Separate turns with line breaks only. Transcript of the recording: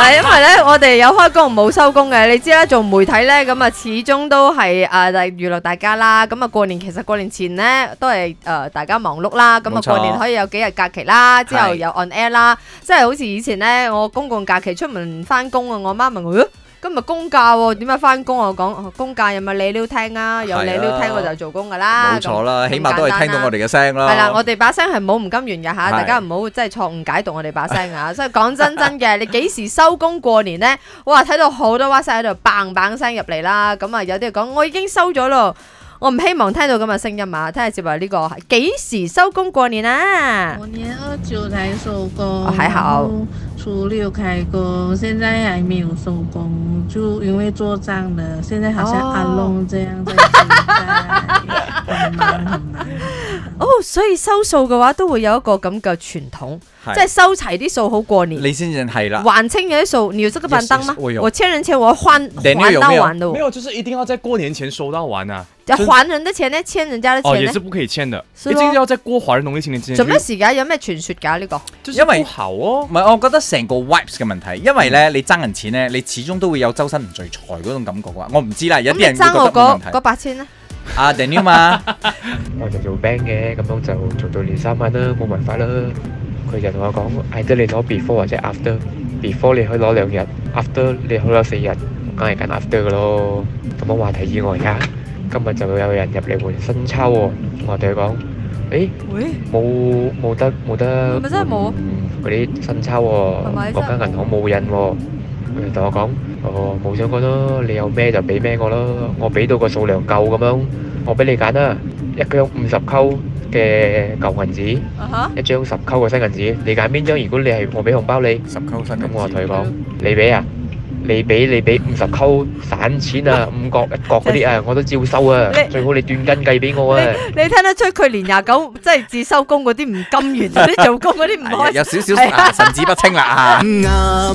係，因為咧，我哋有開工冇收工嘅，你知啦，做媒體咧，咁、嗯、啊始終都係誒、呃、娛樂大家啦。咁、嗯、啊過年其實過年前咧都係誒、呃、大家忙碌啦。咁、嗯、啊沒錯 過年可以有幾日假期啦，之後又 on air 啦，是 即係好似以前咧，我公共假期出門翻工啊，我媽咪會。啊今日公假喎？點解翻工？我講，公假有咪你都聽啊？有你都聽，我就做工噶啦。冇錯
啦，啦起碼都係聽到我哋嘅聲啦。係 啦，我
哋把聲係冇唔甘願嘅嚇， 大家唔好即係錯誤解讀我哋把聲啊！ 所以講真真嘅，你幾時收工過年呢？哇，睇到好多 WhatsApp 喺度棒棒聲入嚟啦，咁啊有啲講，我已經收咗咯。我唔希望聽到咁嘅聲音啊！聽下接落嚟呢個幾時收工過年啊？過年二九才收工，還好。初六開工，現在還沒有收工，就因為做賬啦。現在好像阿龍這樣在。所以收數嘅話都會有一個咁嘅傳統，即係收齊啲數好過年。
你先至係啦，還
清咗啲數你要執個飯燈嗎？我欠人錢，我還還到完的。沒有，
就是一定要在過年前收到完啊！要還
人的錢呢，欠人家的錢咧，哦，也是不
可以欠的，一定要在過華人農曆新年之前。做咩時
間？有咩傳說噶呢個？因為
好哦，唔係，我覺得成個 vibe 嘅問題，因為咧你爭人錢咧，你始終都會有周身唔聚財嗰種感覺啊！我唔知啦，有啲人覺得。咁爭我嗰嗰八千咧？啊，Daniel 嘛， 我就做 bank 嘅，咁樣就做到年三晚啦，冇辦法啦。佢就同我講，I 得你攞 before 或者 after，before 你可以攞兩日，after 你可以攞四日，梗係揀 after 嘅咯。咁樣話題外、hey，欸、意外、嗯、啊，今日就會有人入嚟換新鈔喎。我同佢講，誒，冇冇得冇得，咪真係冇嗰啲新鈔喎，國家銀行冇印喎。同我講，我冇想過咯，你有咩就俾咩我咯，我俾到個數量夠咁樣，我俾你揀啦，一張五十溝嘅舊銀紙，一張十溝嘅新銀紙，你揀邊張？如果你係我俾紅包你，十溝新，咁我同佢講，你俾啊，你俾你俾五十溝散錢啊，五角一角嗰啲啊，我都照收啊，最好你斷斤計俾我啊。你
你聽得出佢連廿九即係自收工嗰啲唔甘願，嗰啲做工嗰啲唔開，有少少神
志不清啦啊。